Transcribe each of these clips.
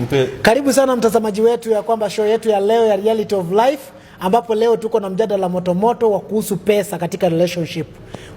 Mpe. Karibu sana mtazamaji wetu ya kwamba show yetu ya leo ya Reality of Life ambapo leo tuko na mjadala motomoto wa kuhusu pesa katika relationship.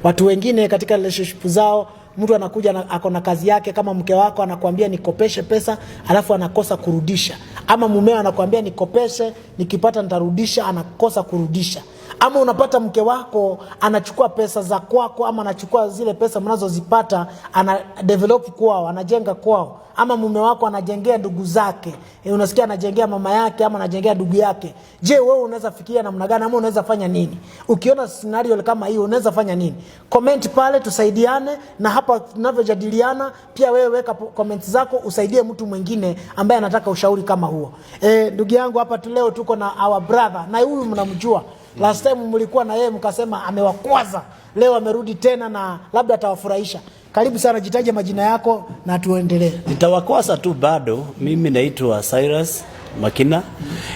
Watu wengine katika relationship zao mtu anakuja na, ako na kazi yake kama mke wako anakuambia nikopeshe pesa, alafu anakosa kurudisha, ama mumeo anakuambia nikopeshe, nikipata nitarudisha, anakosa kurudisha ama unapata mke wako anachukua pesa za kwako, ama anachukua zile pesa mnazozipata ana develop kwao, anajenga kwao, ama mume wako anajengea ndugu zake e, unasikia anajengea mama yake ama anajengea ndugu yake. Je, wewe unaweza fikiria namna gani, ama unaweza fanya nini ukiona scenario kama hiyo? Unaweza fanya nini? Comment pale tusaidiane, na hapa tunavyojadiliana pia wewe weka comment zako, usaidie mtu mwingine ambaye anataka ushauri kama huo. E, ndugu yangu hapa leo tuko na our brother na huyu mnamjua Last time mlikuwa na yeye mkasema amewakwaza, leo amerudi tena na labda atawafurahisha. Karibu sana, jitaje majina yako na tuendelee. Nitawakwaza tu bado. Mimi naitwa Cyrus Makina,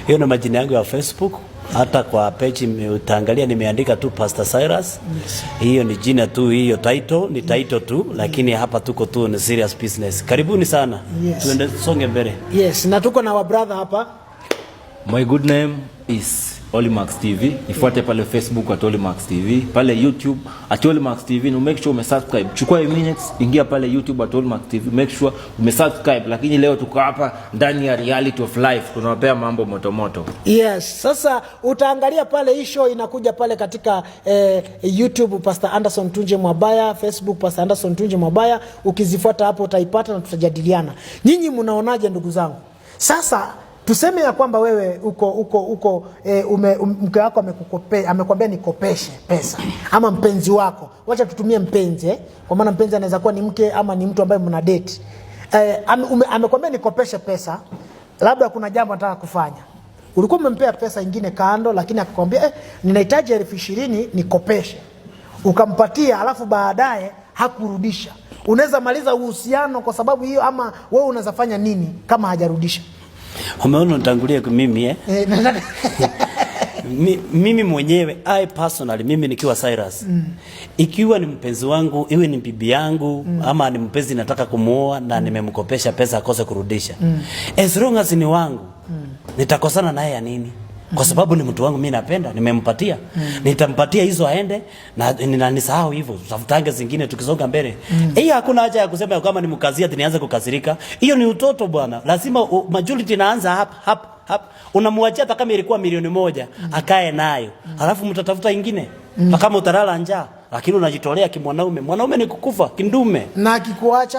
hiyo na majina yangu ya Facebook hata kwa page utaangalia nimeandika tu Pastor Cyrus. Hiyo ni jina tu, hiyo title ni title tu, lakini hapa tuko tu ni serious business. Karibuni sana. Yes. Tuende songe mbele. Yes, na tuko na wa brother hapa. My good name is Olimax TV, nifuate pale Facebook at Olimax TV, pale YouTube at Olimax TV, na make sure umesubscribe. Chukua minutes, ingia pale YouTube at Olimax TV, make sure umesubscribe. Lakini leo tuko hapa ndani ya reality of life, tunawapea mambo motomoto. Yes, sasa utaangalia pale, hii show inakuja pale katika eh, YouTube Pastor Anderson Tunje Mwabaya, Facebook Pastor Anderson Tunje Mwabaya. Ukizifuata hapo utaipata na tutajadiliana. Nyinyi mnaonaje ndugu zangu? Sasa Tuseme ya kwamba wewe uko uko uko e, ume, um, mke wako amekukope amekwambia nikopeshe pesa ama mpenzi wako, wacha tutumie mpenzi eh? Kwa maana mpenzi anaweza kuwa ni mke ama ni mtu ambaye mna date e, eh, ame, amekwambia nikopeshe pesa, labda kuna jambo anataka kufanya, ulikuwa umempea pesa ingine kando, lakini akakwambia eh, ninahitaji elfu ishirini nikopeshe, ukampatia alafu baadaye hakurudisha, unaweza maliza uhusiano kwa sababu hiyo, ama wewe unaweza fanya nini kama hajarudisha? Umeona, kwa mimi eh? eh Mi, mimi mwenyewe I personally mimi nikiwa Cyrus mm. Ikiwa ni mpenzi wangu iwe ni bibi yangu mm. ama ni mpenzi nataka kumuoa na mm. nimemkopesha pesa akose kurudisha mm. As long as ni wangu mm. nitakosana naye ya nini? kwa sababu ni mtu wangu, mimi napenda, nimempatia mm. nitampatia hizo aende na ninanisahau hivyo, tafutange zingine tukisonga mbele mm. Hii hakuna haja ya kusema kama nimkazia tinianze kukasirika, hiyo ni utoto bwana. Lazima majority inaanza hapa hapa hapa, unamwachia hata kama ilikuwa milioni moja mm. akae nayo mm. alafu mtatafuta ingine mm. kama utalala njaa, lakini unajitolea kimwanaume. Mwanaume ni kukufa kindume, na akikuacha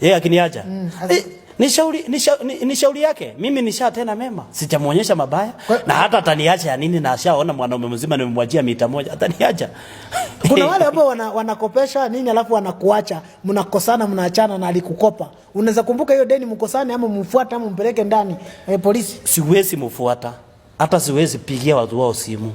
yeye yeah, akiniacha mm. Eh, ni shauri ni shauri, ni shauri yake. Mimi nisha tena mema, sijamuonyesha mabaya kwa, na hata ataniacha ya nini, na ashaona mwanaume mzima nimemwajia mita moja, ataniacha. Kuna wale hapo wana, wanakopesha nini alafu wanakuacha, mnakosana mnaachana na alikukopa. Unaweza kumbuka hiyo deni, mkosane ama mfuata ama mpeleke ndani eh, polisi. Siwezi mfuata, hata siwezi pigia watu wao simu.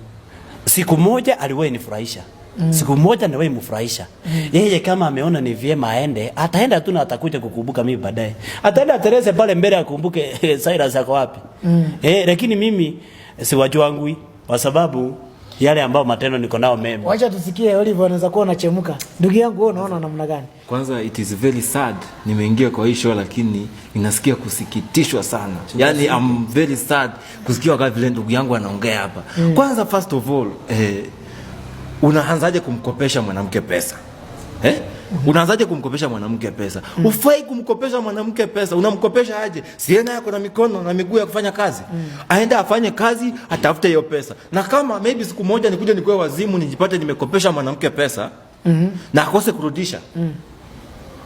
Siku moja aliwahi nifurahisha Mm. Siku moja na wewe mfurahisha. Mm. Yeye kama ameona ni vyema aende, ataenda tu na atakuja kukumbuka mimi baadaye. Ataenda atereze pale mbele akumbuke eh, Cyrus yako wapi. Mm. Eh, lakini mimi eh, si wajua wangu kwa sababu yale ambayo matendo niko nao mema. Wacha tusikie Oliver anaweza kuwa anachemka. Ndugu yangu wewe unaona namna gani? Kwanza it is very sad. Nimeingia kwa hii show lakini ninasikia kusikitishwa sana. Yaani I'm very sad kusikia kama vile ndugu yangu anaongea hapa. Mm. Kwanza first of all eh unaanzaje kumkopesha mwanamke pesa eh? Unaanzaje kumkopesha mwanamke pesa? Mm. Ufai kumkopesha mwanamke pesa. Unamkopesha aje? Siena yako na mikono na miguu ya kufanya kazi. Mm. Aende afanye kazi, atafute hiyo pesa. Na kama maybe siku moja nikuja nikuwe wazimu nijipate nimekopesha mwanamke pesa mm -hmm. na akose kurudisha. Mm.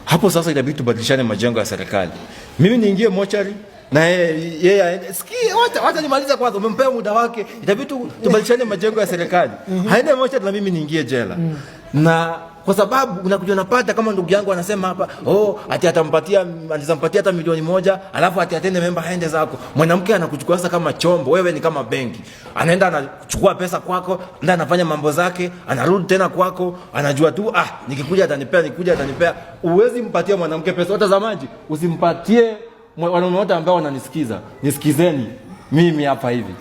Hapo sasa inabidi tubadilishane majengo ya serikali. Mimi niingie mochari, na yeye yeah, sikia, wacha wacha nimalize kwanza, umempea muda wake, itabidi tu tubadilishane majengo ya serikali mhm. haende mocha na mimi niingie jela mhm. na kwa sababu unakuja unapata kama ndugu yangu anasema hapa, oh, ati atampatia alizampatia hata milioni moja, alafu ati atende memba aende zako. Mwanamke anakuchukua sasa kama chombo, wewe ni kama benki. Anaenda anachukua pesa kwako, ndio anafanya mambo zake, anarudi tena kwako, anajua tu ah, nikikuja atanipea, nikikuja atanipea. Uwezi mpatia mwanamke pesa, hata za maji usimpatie wanaume wote ambao wananisikiza, nisikizeni mimi hapa hivi,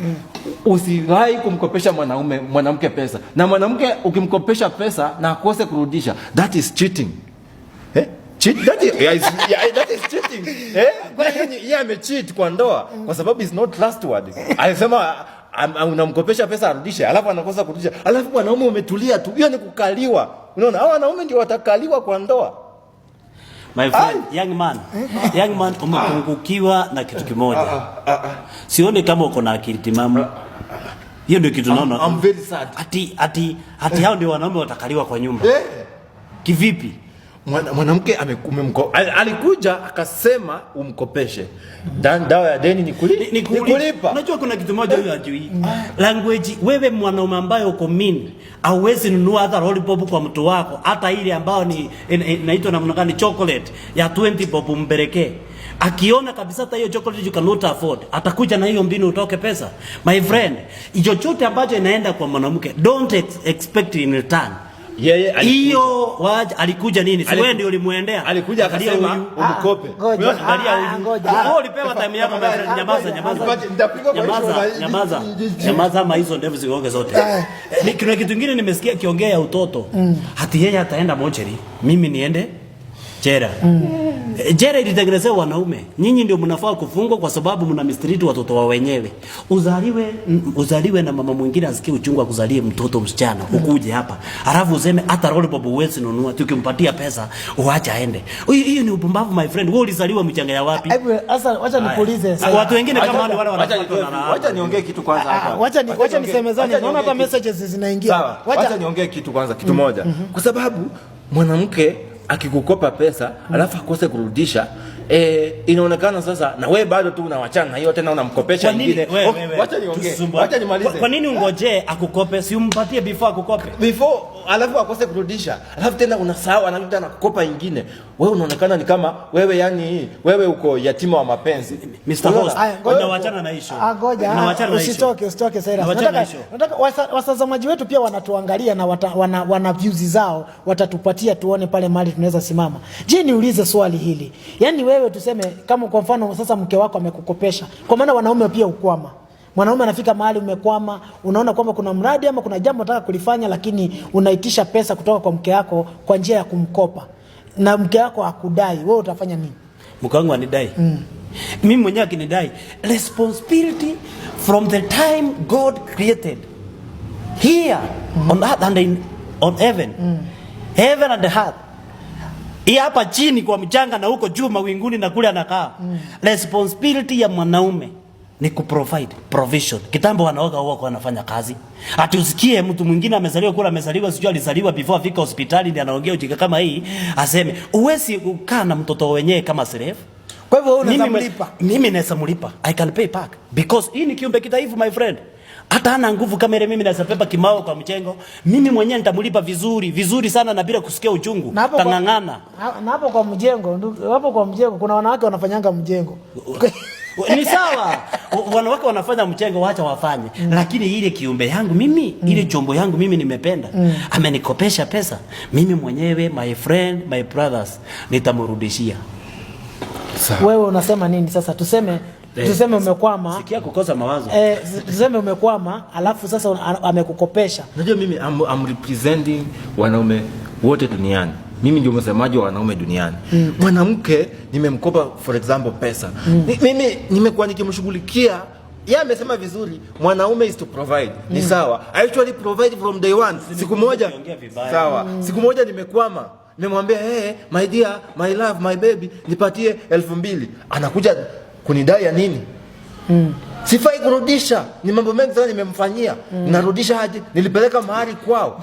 usiwai kumkopesha mwanaume mwanamke pesa, na mwanamke ukimkopesha pesa na akose kurudisha, that is cheating eh? Cheat, that is, yeah, yeah, that is cheating eh? Kwa yeye amecheat kwa ndoa kwa sababu is not trustworthy. Alisema ah, ah, unamkopesha pesa arudishe, alafu anakosa kurudisha, alafu mwanaume umetulia tu, hiyo ni kukaliwa. Unaona, hao wanaume ndio watakaliwa kwa ndoa. My ah. friend, ah. young man, eh? young man umepungukiwa na kitu kimoja. ah. ah. ah. ah. Sioni kama uko na akili timamu. Ah, Hiyo ndio kitu naona. I'm very sad. Ati ati ati eh. hao ndio wanaume watakaliwa kwa nyumba. eh. Kivipi? mwanamke alikuja akasema umkopeshe dawa ya deni nikulipa. Unajua kuna kitu moja huyo ajui mm. language. Wewe mwanaume ambaye uko mean, auwezi nunua hata lollipop kwa mtu wako, hata ile ambayo ni eh, eh, inaitwa namna gani, chocolate ya 20 bob umpelekee akiona kabisa hata hiyo chocolate you cannot afford, atakuja na hiyo mbinu utoke pesa. My friend, hicho chote ambacho inaenda kwa mwanamke, don't expect in return yeye hiyo alikuja nini? Si wewe ndio ulimuendea Alikuja akasema umkope. Wewe angalia huyu. Ah, ah, ah, wewe ulipewa time yako my friend, nyamaza nyamaza. Nyamaza nyamaza. Nyamaza ama hizo ndevu zionge zote. Ni eh. kuna kitu kingine nimesikia kiongea ya utoto. Hati mm. yeye ataenda mocheri, mimi niende jera mm. Jera ilitengenezewa wanaume. Nyinyi ndio mnafaa kufungwa kwa sababu mna mistreat watoto wa wenyewe. Uzaliwe mm, uzaliwe na mama mwingine asikie uchungu wa kuzalia mtoto msichana mm. Ukuje hapa alafu useme hata role babu huwezi nunua, tukimpatia pesa uache aende. Hiyo ni upumbavu my friend. Wewe ulizaliwa mchanga ya wapi? Hebu Sasa acha nikuulize sasa. Watu wengine kama wale wanapata na acha niongee kitu kwanza ah, hapa. Acha ni acha nisemezane. Naona hapa messages zinaingia. Acha niongee kitu kwanza kitu mm. moja. Mm-hmm. Kwa sababu mwanamke akikukopa pesa alafu akose kurudisha E, inaonekana sasa na wewe bado tu unawachana na hiyo tena unamkopesha mwingine. Wacha niongee. Wacha nimalize. Kwa nini ungoje akukope? Si umpatie before akukope. Before alafu akose kurudisha. Alafu tena unasahau anakuja na kukopa nyingine. Wewe unaonekana ni kama wewe yani wewe uko yatima wa mapenzi. Mr. Host, unawachana na hiyo. Ah, ngoja. Usitoke, usitoke sasa. Nataka nataka wasazamaji wetu pia wanatuangalia na wata, wana, wana views zao watatupatia tuone pale mahali tunaweza simama. Je, niulize swali hili. Yaani wewe tuseme kama kwa mfano sasa mke wako amekukopesha, kwa maana wanaume pia ukwama. Mwanaume anafika mahali umekwama, unaona kwamba kuna mradi ama kuna jambo unataka kulifanya, lakini unaitisha pesa kutoka kwa mke wako kwa njia ya kumkopa, na mke wako akudai, wewe utafanya nini? Mke wangu anidai mm. Mimi mwenyewe akinidai, responsibility from the time God created here mm -hmm. on earth and in, on heaven mm. heaven and the earth hii hapa chini kwa mchanga na huko juu mawinguni na kule anakaa. Mm. Responsibility ya mwanaume ni ku provide provision. Kitambo wanaoga huwa kwa anafanya kazi. Ati usikie mtu mwingine amezaliwa kula amezaliwa sijui alizaliwa before afika hospitali ndiye anaongea ujinga kama hii aseme uwezi kukaa na mtoto wenyewe kama seref. Kwa hivyo wewe unaweza mlipa. Mimi naweza mlipa. I can pay back because hii ni kiumbe kitaifu my friend hata ana nguvu kama ile mimi nasapepa kimao kwa mchengo. Mimi mwenyewe nitamlipa vizuri vizuri sana na bila kusikia uchungu. Tang'ang'ana na hapo kwa mjengo, hapo kwa mjengo kuna wanawake wanafanyanga mjengo ni sawa, wanawake wanafanya mchengo, wacha wafanye mm. Lakini ile kiumbe yangu mimi mm. ile chombo yangu mimi nimependa mm. amenikopesha pesa mimi mwenyewe, my friend, my brothers, nitamrudishia. Wewe unasema nini sasa? Tuseme Eh, tuseme umekwama, sikia kukosa mawazo eh, tuseme umekwama, alafu sasa amekukopesha. Unajua mimi I'm, I'm representing wanaume wote duniani mimi ndio msemaji wa wanaume duniani. Mm. Mwanamke mm. nimemkopa for example pesa mm. mimi nimekuwa nikimshughulikia yeye amesema vizuri, mwanaume is to provide mm. ni sawa. actually provide from day one. Siku moja sawa, mm. siku moja nimekwama, nimemwambia hey, my dear, my love, my baby, nipatie elfu mbili anakuja kunidai ya nini? Mm. Sifai kurudisha. Ni mambo mengi sana nimemfanyia. Mm. Narudisha haje? Nilipeleka mahali kwao.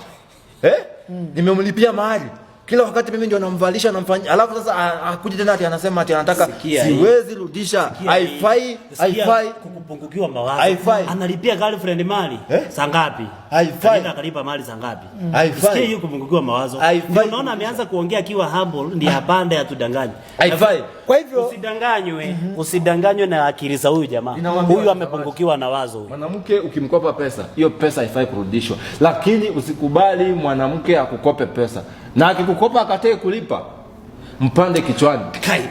Eh? Mm. Nimemlipia mahali. Kila wakati mimi ndio namvalisha namfanyia. Alafu sasa ah, akuja tena ati anasema ati anataka siwezi rudisha. Haifai, haifai kukupungukiwa mawazo. Haifai. Analipia girlfriend mali eh? Saa ngapi? Haifai. Anaenda akalipa mali saa ngapi? Mm. Haifai. Sikia hiyo kupungukiwa mawazo. Ndio unaona ameanza kuongea akiwa humble, ndio hapanda ah. ya tudanganye. Haifai. Kwa hivyo usidanganywe, mm -hmm. usidanganywe na akili za huyu jamaa. Huyu amepungukiwa na wazo. Huyu mwanamke ukimkopa pesa, hiyo pesa haifai kurudishwa, lakini usikubali mwanamke akukope pesa na akikukopa akatae kulipa mpande kichwani. Kai,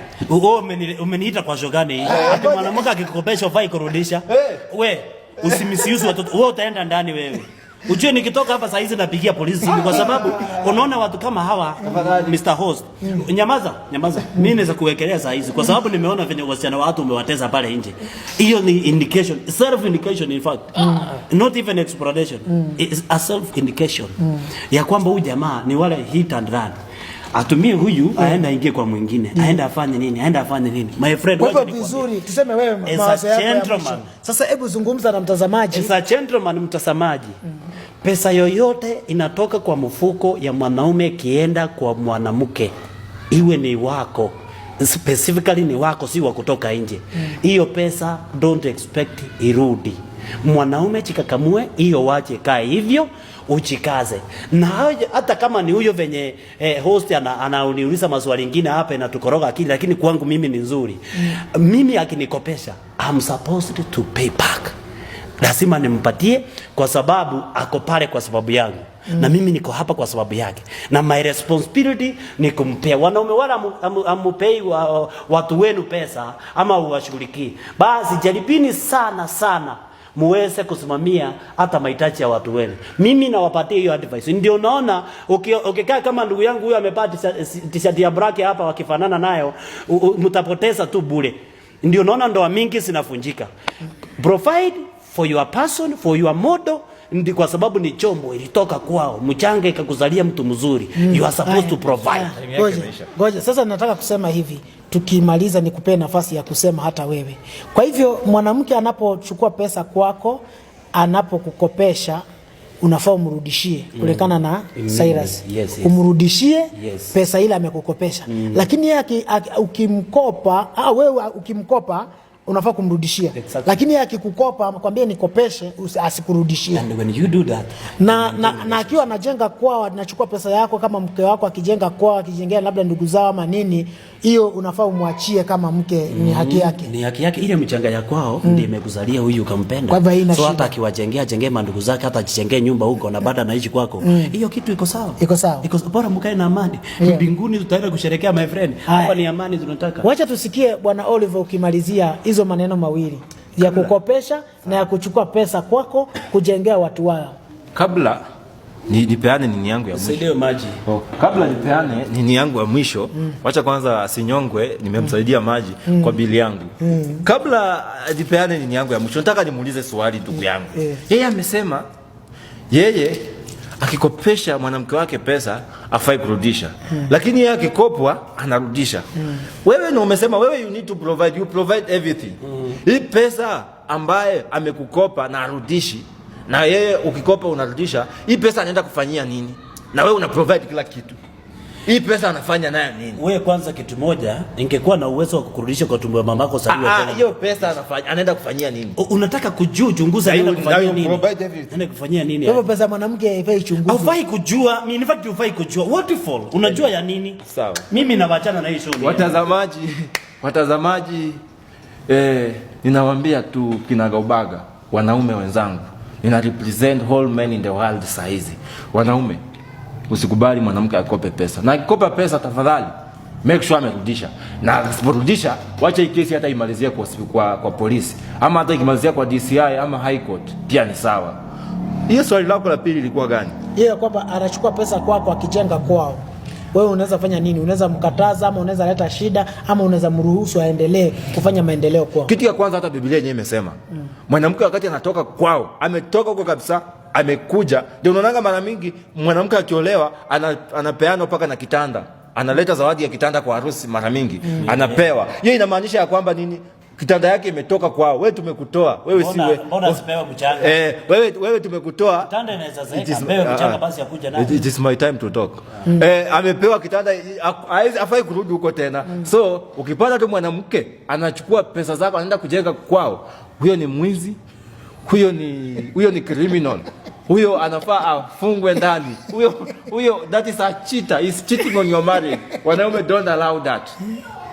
umeniita kwa shogani. Eh, Ati mwanamke akikukopesha ufai kurudisha. Eh. We, usimisiuse watoto. Wewe utaenda ndani wewe. Ujue nikitoka hapa saa hizi napigia polisi simu kwa sababu unaona watu kama hawa Mr. Host. Nyamaza, nyamaza. Mimi naweza kuwekelea saa hizi kwa sababu nimeona venye wasichana wa watu umewateza pale nje. Hiyo ni indication, self indication in fact. Not even exploration. It's a self indication. Ya kwamba huyu jamaa ni wale hit and run. Atumie huyu aende aingie kwa mwingine, mm. aende afanye nini? Aende afanye nini? My friend, wewe vizuri, tuseme wewe mawazo yako. Sasa hebu zungumza na mtazamaji. Sasa a gentleman mtazamaji. Mm. Pesa yoyote inatoka kwa mfuko ya mwanaume kienda kwa mwanamke, iwe ni wako specifically, ni wako, si wa kutoka nje. Mm. Hiyo pesa don't expect irudi mwanaume, chikakamue hiyo, wache kae hivyo, uchikaze na hata kama ni huyo venye eh, host anauniuliza ana maswali mengine hapa na tukoroga akili, lakini kwangu mimi ni nzuri. Mm. Mimi akinikopesha I'm supposed to pay back lazima nimpatie, kwa sababu ako pale kwa sababu yangu mm. na mimi niko hapa kwa sababu yake, na my responsibility ni kumpea. Wanaume wala amupei wa, watu wenu pesa ama uwashughulikie basi jaribini sana sana muweze kusimamia hata mahitaji ya watu wenu. Mimi nawapatia hiyo advice, ndio naona ukikaa kama ndugu yangu huyo amepata t-shirt ya black hapa, wakifanana nayo mtapoteza tu bure. Ndio naona ndoa mingi zinafunjika. Mm. Provide for your person, for your model ndi kwa sababu ni chombo ilitoka kwao mchanga ikakuzalia mtu mzuri mm. you are supposed Aya. to provide. goja, goja. sasa, nataka kusema hivi, tukimaliza nikupee nafasi ya kusema hata wewe. Kwa hivyo mwanamke anapochukua pesa kwako, anapokukopesha unafaa umrudishie mm. kulingana na mm. Cyrus, umrudishie pesa ile amekukopesha, mm. lakini ukimkopa, ah, wewe ukimkopa unafaa kumrudishia exactly. Lakini akikukopa akwambie nikopeshe, asikurudishie na, na, na akiwa anajenga kwao, anachukua pesa yako. Kama mke wako akijenga kwao, akijengea labda ndugu zao ama nini, hiyo unafaa umwachie kama mke mm, ni haki mm, yake, ni haki yake. Ile mchanga ya kwao mm, ndio imekuzalia huyu ukampenda, kwa hivyo so hata akiwajengea jengee mandugu zake, hata ajijengee nyumba huko na baada anaishi kwako, mm. hiyo mm, kitu iko sawa, iko sawa, iko bora, mkae na amani yeah. mbinguni, Tutaenda kusherekea my friend, hapa ni amani tunataka. Wacha tusikie Bwana Oliver ukimalizia hizo hizo maneno mawili ya kukopesha na ya kuchukua pesa kwako kujengea watu wao. Kabla ni, nipeane nini yangu ya mwisho. Maji. Oh, kabla nipeane nini yangu ya mwisho mm. Wacha kwanza sinyongwe, nimemsaidia mm. maji mm. kwa bili yangu mm. Kabla nipeane nini yangu ya mwisho, nataka nimuulize swali ndugu mm. yangu mm. Yeye amesema yeye akikopesha mwanamke wake pesa afai kurudisha hmm. Lakini yeye akikopwa anarudisha hmm. Wewe ndio umesema wewe you need to provide, you provide everything hmm. Hii pesa ambaye amekukopa na arudishi na yeye ukikopa unarudisha, hii pesa anaenda kufanyia nini? Na wewe una provide kila kitu. Hii pesa anafanya nayo nini? Wewe kwanza kitu moja, ingekuwa na uwezo wa kukurudisha kwa tumbo ya mamako sasa hivi. Ah, Hiyo pesa anafanya anaenda kufanyia nini? O, unataka kujua chunguza hiyo kufanyia nini? Anaenda kufanyia nini? Hiyo pesa mwanamke haifai chunguza. Haifai kujua, mimi in fact haifai kujua. What if all? unajua ya nini? Sawa. Mimi nawachana na hii show. Watazamaji, watazamaji eh, ninawaambia tu kinagaubaga wanaume wenzangu. Nina represent all men in the world saizi. Wanaume Usikubali mwanamke akope pesa, na akikopa pesa tafadhali make sure amerudisha, na asiporudisha wacha hii kesi hata imalizie kwa, kwa, kwa polisi ama hata ikimalizia kwa DCI ama high court pia ni sawa. Hiyo swali lako la pili ilikuwa gani? Yeye kwamba anachukua pesa kwako akijenga kwao wewe unaweza fanya nini? Unaweza mkataza ama unaweza leta shida ama unaweza mruhusu aendelee kufanya maendeleo kwao. Kitu ya kwanza, hata Biblia yenyewe imesema mm. mwanamke mm, wakati anatoka kwao ametoka huko kabisa amekuja. Ndio unaonanga mara mingi mwanamke akiolewa anapeana mpaka na kitanda, analeta zawadi ya kitanda kwa harusi mara mingi mm. anapewa hiyo, inamaanisha ya kwamba nini? Kitanda yake imetoka kwao, wewe tumekutoa wewe, si wewe, mbona sipewe mchanga eh? Wewe wewe tumekutoa kitanda, inaweza zaeka mbele uh, mchanga, uh, basi akuja nani? it is my time to talk mm. Eh, amepewa kitanda, afai kurudi huko tena mm. So ukipata tu mwanamke anachukua pesa zako anaenda kujenga kwao, huyo ni mwizi huyo ni huyo ni criminal, huyo anafaa afungwe ndani, huyo huyo, that is a cheater, is cheating on your marriage. Wanaume don't allow that.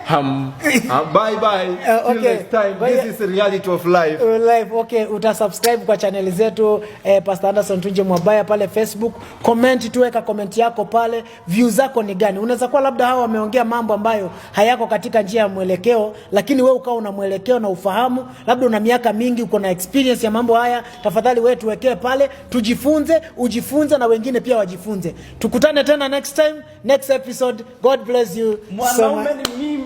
Um, uh, bye bye. Uh, okay. Next time. Bye. This is reality of life. Uh, life. Okay, utasubscribe kwa channel zetu eh, Pastor Anderson Tunje Mwabaya pale Facebook. Comment tuweka comment yako pale. View zako ni gani? Unaweza kuwa labda hawa wameongea mambo ambayo hayako katika njia ya mwelekeo, lakini we ukawa una mwelekeo na ufahamu, labda una miaka mingi, uko na experience ya mambo haya, tafadhali wewe tuwekee pale, tujifunze, ujifunze na wengine pia wajifunze. Tukutane tena next time, next episode. God bless you. Mwanaume ni mimi.